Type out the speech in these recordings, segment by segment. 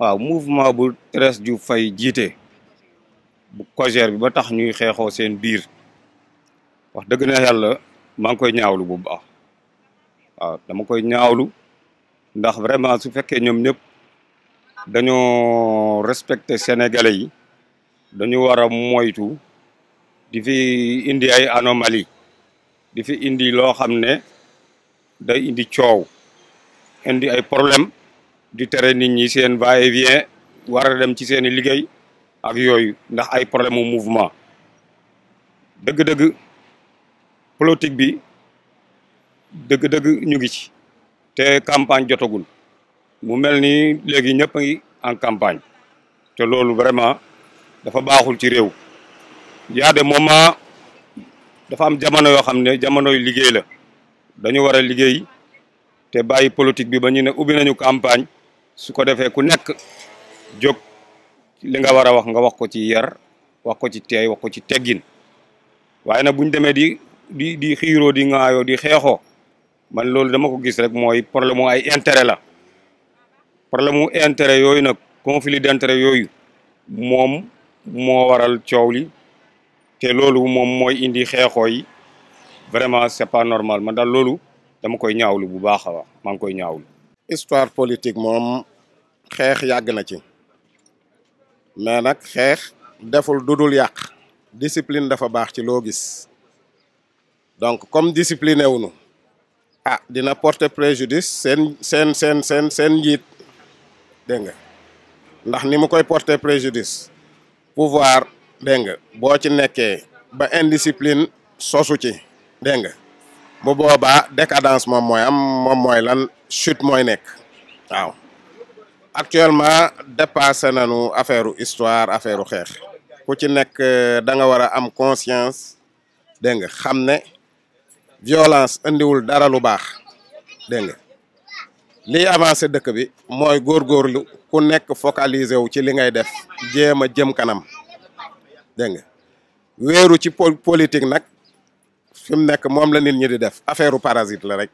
waaw mouvement bu Thérèse Diouf fay jiite bu COJER bi ba tax ñuy xeexoo seen biir wax dëgg na yàlla maa ngi koy ñaawlu bu baax waaw dama koy ñaawlu ndax vraiment su fekkee ñoom ñëpp dañoo respecté sénégalais yi dañu war a moytu di fi indi ay anomalie di fi indi loo xam ne day indi coow indi ay problème di tere nit ñi seen va et war dem ci seen i liggéey ak yooyu ndax ay problème mu mouvement dëgg-dëgg bi dëgg ñu ngi ci te campagne jotagul mu mel ni léegi ñëpp a ngi en campagne te loolu vraiment dafa baaxul ci réew yaa de dafa am jamono yoo xam ne jamonoy liggéey la dañu war a liggéey te bàyyi politique bi ba ñu ne ubbi nañu campagne su ko defee ku nekk jóg li nga war a wax nga wax ko ci yar wax ko ci teey wax ko ci teggin waaye nag buñ demee di di di xiiroo di ŋaayoo di xeexoo man loolu dama ko gis rek mooy problème mu ay intérêt la problème mu intérêt yooyu nag conflit d'intérêt yooyu moom moo waral coow li te loolu moom mooy indi xeexoo yi vraiment c'est pas normal man daal loolu dama koy ñaawlu bu baax a wa maa ngi koy ñaawlu. histoire politique moom xex yag na ci mais nak xex deful dudul yak discipline dafa bax ci lo gis donc comme discipline, wuñu ah dina porter préjudice sen sen sen sen sen njiit denga ndax ni mu koy porter préjudice pouvoir denga. bo ci nekkee ba indiscipline sosu ci denga nga bu boobaa décadence moom mooy am moom mooy lan chute moy nek waaw actuellement dépassé nañu affaire histoire affaire xeex ku ci nek euh, da nga wara am conscience de nga xam violence violence wul dara lu bax de nga li avancé dëkk bi gor lu ku nek focalisé wu ci li ngay def jéem a jëm kanam de nga wéru ci politique nak fim nek mom la nit ñi di def affaire parasite la rek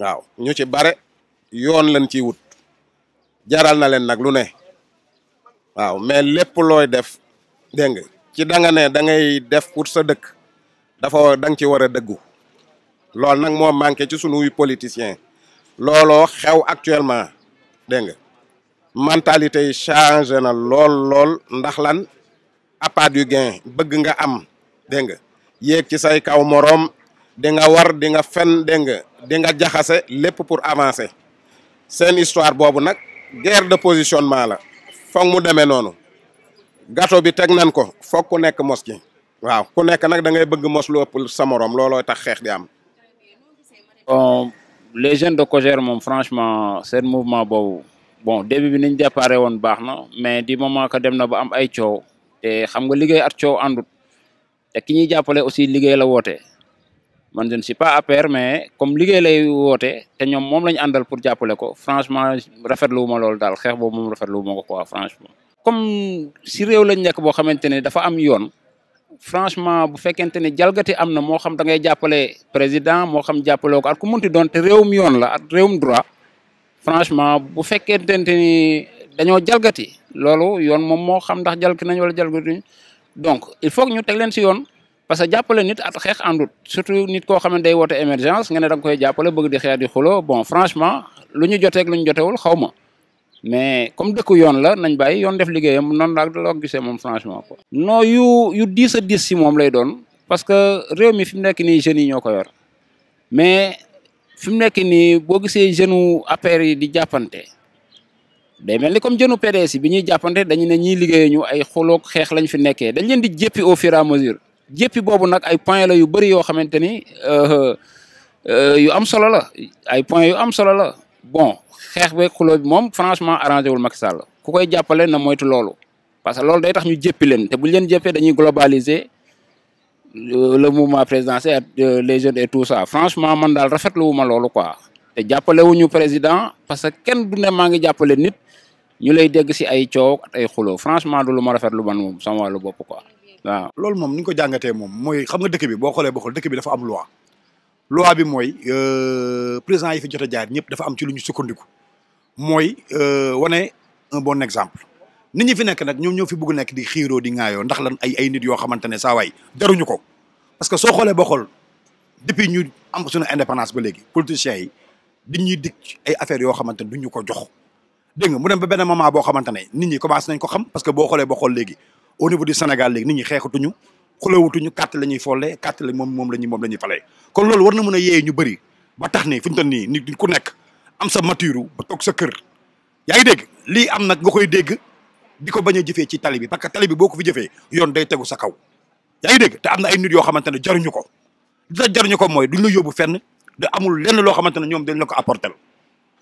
waaw ñu ci bare yoon lañ ci wut. jaral na len nak lu ne waaw mais lepp loy def deng, ci da nga ne da ngay def pour sa deuk dafa dang ci wara deggu lol nak mo manke ci sunu politicien lolo xew actuellement deng mentalité yi na lol lol ndax lan appât du gain beug nga am deng, yek ci say kaw morom de nga war de nga fen deng de nga jaxasse lepp pour avancer sen histoire bobu nak guerre de positionnement la foog mu demee noonu gâteau bi teg nañ ko foog ku nekk mos ci waaw ku nekk nag da ngay bëgg mos lu ëpp looloo tax xeex di am. bon les jeunes de Cogère moom franchement seen mouvement boobu bon début bi niñ déparé woon baax na mais du moment que dem na ba am ay coow te xam nga liggéey at coow àndut te ki ñuy jàppale aussi liggéey la woote. man je ne suis pas APR mais comme liggéey lay woté té ñom mom lañ andal pour jappalé ko franchement rafetluwuma dal xex bo mom rafet luuma ko quoi franchement. comme si rew lañ nek bo xamantene dafa am yoon franchement bu fekkente jalgati am mo xam da ngay jappalé président mo xam jàppale ko at ku munti don té rewum yoon la at rewum droit franchement bu fekkente ni dañoo jalgati loolu yoon mom mo xam ndax jalgati nañ wala jalgatuñ donc il faut que ñu tek len ci yoon parce que jappalé nit at xex andout surtout nit ko xamné day woote émergence ngéné dang koy jappalé bëgg di xeex di xulo bon franchement luñu joté ak luñu joté wul xawma mais comme dëkku yoon la nañ bay yoon def liggéeyam noonu laa loo gissé mom franchement ko no yu yu 10 a diis si moom lay doon parce que réew mi fim mu ni jeune jeunes yi ñoo yor mais fim mu ni bo gissé jeune u affaire yi di jappanté day melni comme jeune u PDS yi bi ñuy jàppante dañu né ñi liggéey ñu ay xuloog xex lañ fi nekkee dañ leen di jéppi au fur et à mesure. jéppi bobu nak ay point la yu bari yo xamanteni euh euh yu am solo la ay point yu am solo la bon xeex be xuloo bi moom franchement arrangé wul Macky Sall ku koy jappalé na moytu lolu parce que lolu day tax ñu jéppi len te bu len leen dañuy globaliser euh, le mouvement présidentiel euh, les jeunes et tout ça franchement man dal rafetlu wu ma loolu quoi te jappalé wuñu président parce que kenn du ne maa ngi jàppale nit ñu lay dégg ci ay coow ay xuloo franchement du lu ma rafetlu man moom sama walu bop quoi waaw loolu moom ni ñu ko jàngatee moom mooy xam nga dëkk bi boo xoolee boo xool dëkk bi dafa am loi loi bi mooy euh, président yi fi jot a jaar ñëpp dafa am ci lu ñu sukkandiku mooy euh, wane un bon exemple nit ñi fi nekk nag ñoom ñoo fi bëgg nekk di xiiroo di ŋaayoo ndax lan ay ay nit yoo xamante ne saa waay jaruñu ko parce que soo xoolee boo xool depuis ñu am suñu indépendance ba léegi politiciens yi dañuy dikk ay affaires yoo xamante ne duñu ko jox dégg nga mu dem ba benn moment boo xamante ne nit ñi commencé ko xam parce que boo xoolee boo xool au niveau du Sénégal léegi nit ñi xeexatuñu xulawutuñu carte la ñuy folle carte la moom moom la ñuy moom la ñuy falee kon loolu war na mën a yee ñu bëri ba tax ni fu ñu toll nii nit ku nekk sa mature ba toog sa kër yaa ngi dégg lii am nag nga koy dégg di ko bañ a jëfee ci tali bi parce que tali bi boo ko fi jëfee yoon day tegu sa kaw yaa ngi dégg te am na ay nit yoo xamante ne jaruñu ko li tax jaruñu ko mooy duñ la yóbbu fenn da amul lenn loo xamante ne ñoom dañ la ko apporter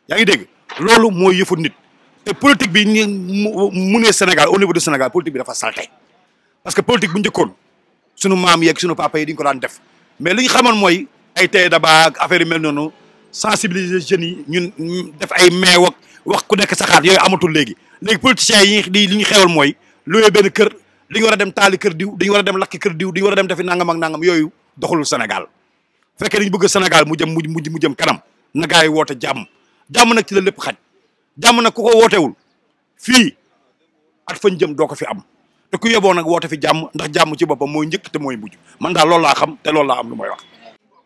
yaa ngi dégg loolu mooy yëfu nit te politique bi ñu mu ne Sénégal au niveau de Sénégal politique bi dafa salté parce que politique bu njëkkoon sunu maam yeeg sunu papa yi di ñu ko daan def mais li ñu xamoon mooy ay tey dabaa ak affaire yu mel noonu sensibiliser jeunes yi ñun def ay mais wax ku nekk saxaat yooyu amatul léegi léegi politiciens yi di li ñu xewal mooy looyee benn kër li ñu war a dem taali kër diw dañu war a dem lakki kër diw di war a dem defi nangam ak nangam yooyu doxul Sénégal fekkee dañu bëgg Sénégal mu jëm mu mu jëm kanam na gaay woote jàmm jàmm nag ci la lépp xaj jàmm kuko wote wul fi at fañ jëm doko fi am te ku yeboo nak wote fi jam ndax jam ci bopam moy njëkk te moy mujj man da lool la xam te lool la am lu wax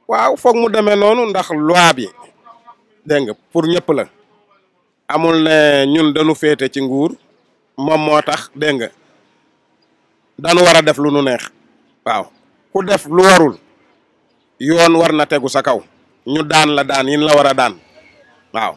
waaw fokk mu demee nonu ndax loi bi deng pour ñëpp la amul ne ñun dañu fété ci nguur mom motax deng dañu war def lu nu neex waaw ku def lu warul yoon warna teggu sa kaw ñu daan la daan yin la wara daan waaw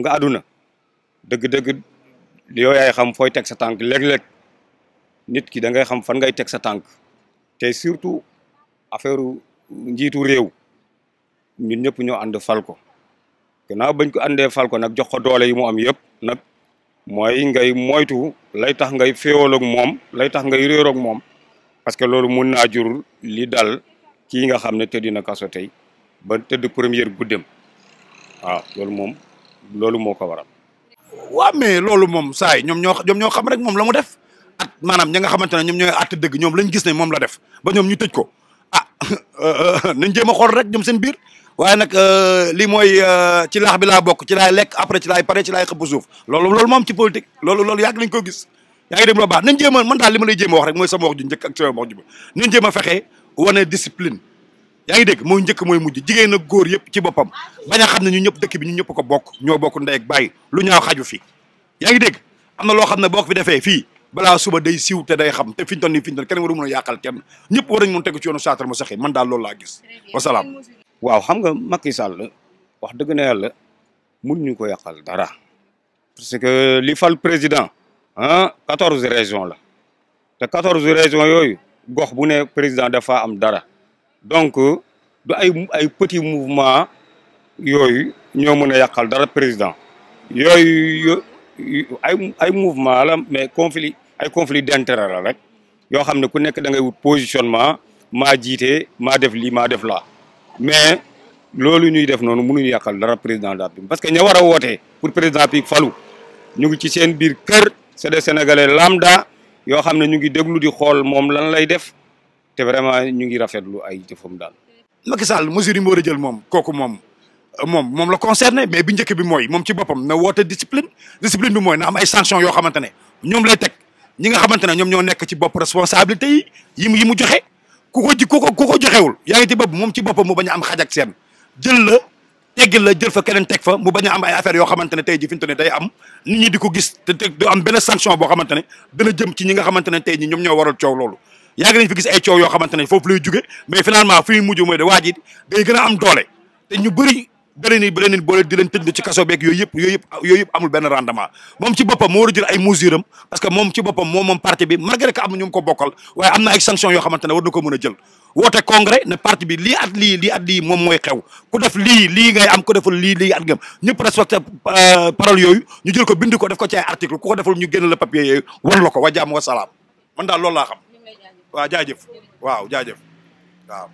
nga àdduna dëgg-dëgg yow xam fooy teg sa tànk léeg nit ki da ngay xam fan ngay teg sa tànk te surtout affaire njiitu réew ñun ñëpp ñoo ànd fal ko gannaaw bañ ko àndee fal ko nag jox ko doole yi mu am yëpp nag mooy ngay moytu lay tax ngay féewal ak moom lay tax ngay réer ak moom parce que loolu mun naa jur li dal kii nga xam ne tëdd na kaso tey ba tëdd première guddem waaw loolu moom loolu moo ko waral. waaw mais loolu moom saa yi ñoom ñoo ñoom ñoo xam rek moom la mu def at maanaam ña nga xamante ne ñoom ñooy at dëgg ñoom lañ gis ne moom la def ba ñoom ñu tëj ko ah euh, nañ jéem a xool rek ñoom seen biir waaye nag euh, lii mooy euh, ci laax bi laa bokk ci laay lek après ci laay pare ci laay xëpp suuf loolu loolu moom ci politique loolu loolu yàgg nañ ko gis yaa ngi dem lu baax nañ jéem a man daal li ma la jéem a wax rek mooy sama wax ju njëkk ak sama wax fexe wane discipline yaa ngi dégg mooy njëkk mooy mujj jigéen ak góor yëpp ci boppam bañ a xam ne ñu ñëpp dëkk bi ñu ñëpp ko bokk ñoo bokk ndey bay bàyyi lu ñaaw xaju fi yaa ngi dégg am na loo xam ne boo ko fi defee fii balaa suba day siiw te day xam te fi ñu toll nii fi ñu toll kenn a yàqal kenn ñëpp war a mën tegu ci yoonu saatal mu saxi man daal loolu laa gis wasalaam waaw xam nga Macky Sall wax dëgg na yàlla mun ñu ko yàqal dara parce que li fal président ah quatorze régions la te quatorze régions yooyu gox bu ne président dafa am dara donc du ay ay petit mouvement yooyu ñoo mën a yàqal dara président yooyu ay ay mouvement la mais conflit ay conflit d'intérêt la rek yoo xam ne ku nekk da ngay positionnement ma jiite ma def lii maa def laa mais loolu ñuy def noonu mënuñu yàqal dara président daal parce que ña war a wootee pour président bi falu ñu ngi ci seen biir kër c'est des sénégalais lambda yoo xam ne ñu ngi déglu di xool moom lan lay def té vraiment ñu ngi rafetlu ay jëfum dal Macky Sall mesure yi mu mom, koku mom moom mom moom moom la concerné mais bi njëkk bi moy moom ci bopam na woote discipline discipline bi moy na am ay sanction yo xamantene ñom lay tek ñi nga xamantene ñom ñoom ñoo nekk ci bop responsabilité yi yi mu yi mu joxé ku ko ku ko ku ko ya nga ci bop moom ci bopam mu baña am xajak ak seen jël la tegg la jël fa keneen tek fa mu baña am ay affaire yo xamantene tay ji fi tay am nit ñi di ko gis te do am benn sanction bo xamantene dana jëm ci ñi nga xamantene tay ñi ñom ñoo waral ciow lolu yàgg nañ fi gis ay coow yoo xamante ne foofu lay jóge mais finalement fi mujj mooy de waa ji day gën a am doole te ñu bëri bëri ni bëri ni boole di leen tëj ci kaso beeg yooyu yëpp yooyu yëpp yooyu yëpp amul benn rendement moom ci boppam moo war a jël ay mesure am parce que moom ci boppam moom moom parti bi malgré que am na ñu ko bokkal waaye am na ay sanction yoo xamante war na ko mën a jël woote congrès ne parti bi lii at lii lii moom mooy xew ku def lii lii ngay am ku deful lii lii at ngam ñëpp respecté euh, yooyu ñu jël ko bind ko def ko ci ay ku ko deful ñu génn la papier yooyu la ko wa jàmm wa salaam man daal waa jaajëf waaw jaajëf waaw